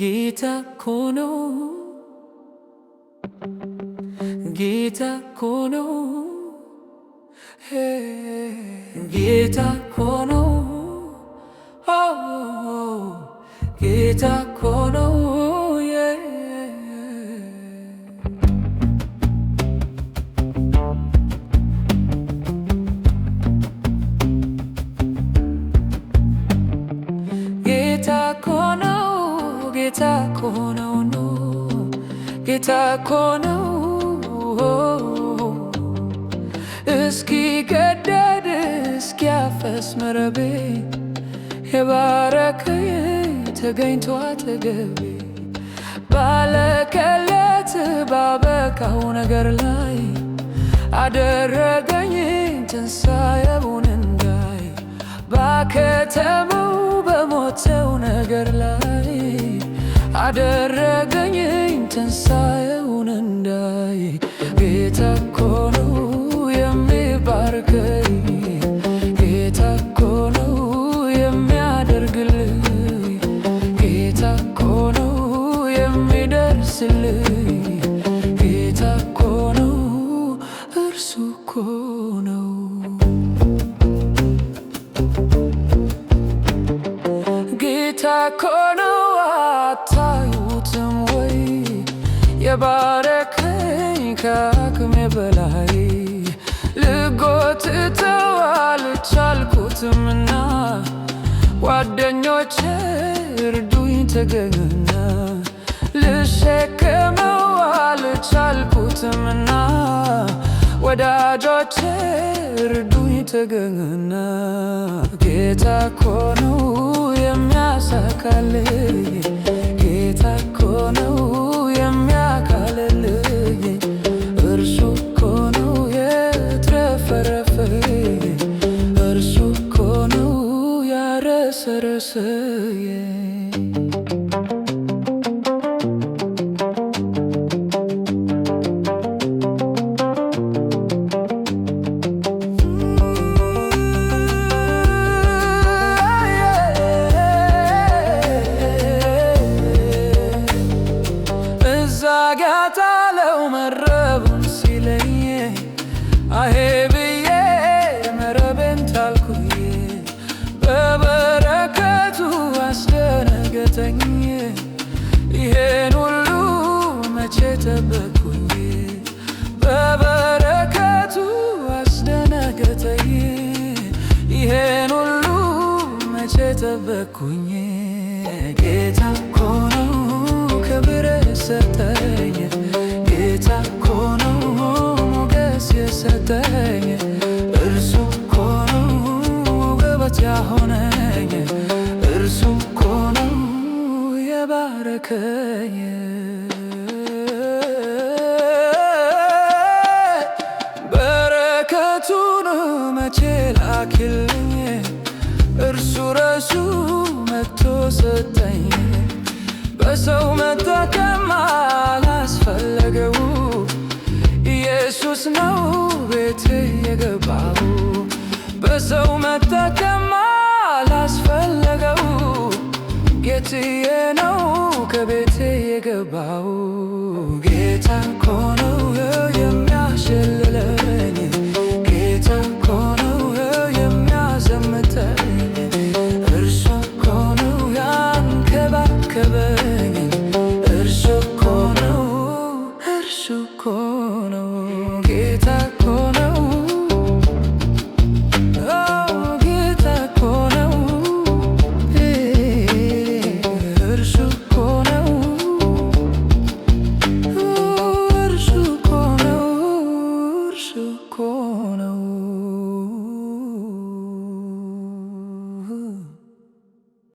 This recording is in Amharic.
ጌታ እኮ ነው፣ ጌታ እኮ ነው፣ ጌታ ጌታ እኮ ነው ጌታ እኮ ነው እስኪ ገደድ እስኪ ያፈስ መረቤ የባረከኝ ተገኝቶ አጠገቤ ባለቀለት ባበቃው ነገር ላይ አደረገኝ ትንሣኤውን እንዳይ ባከተመው በሞተው ነገር ላይ ያደረገኝ ትንሣኤውን እንዳይ ጌታ እኮ ነው የሚባርከኝ፣ ጌታ እኮ ነው የሚያደርግልኝ፣ ጌታ እኮ ነው የሚደርስልኝ፣ ጌታ እኮ ነው እርሱ እኮ ነው ጌታ እኮ ነው የባረከኝ ከአቅሜ በላይ ልጎትተው አልቻልኩትምና ጓደኞቼ እርዱኝ ተገኙና ልሸከመው አልቻልኩትምና ወዳጆቼ እርዱኝ ተገኙና ጌታ እኮ ነው እዛ ጋታለው መራ ተበኩኝ በበረከቱ አስደነገጠኝ ይሄን ሁሉ መቼ ተበኩኝ ጌታ እኮ ነው ክብር የሰጠኝ ጌታ እኮ ነው ሞገስ የሰጠኝ እርሱ እኮ ነው ውበት ያሆነኝ እርሱ እኮ ነው የባረከኝ መቼ ላክልኝ እርሱ ረሱ መቶ ሰጠኝ። በሰው መጠቀም አላስፈለገው ኢየሱስ ነው ቤት የገባው። በሰው መጠቀም አላስፈለገው ጌትዬ ነው ከቤት የገባው ጌታ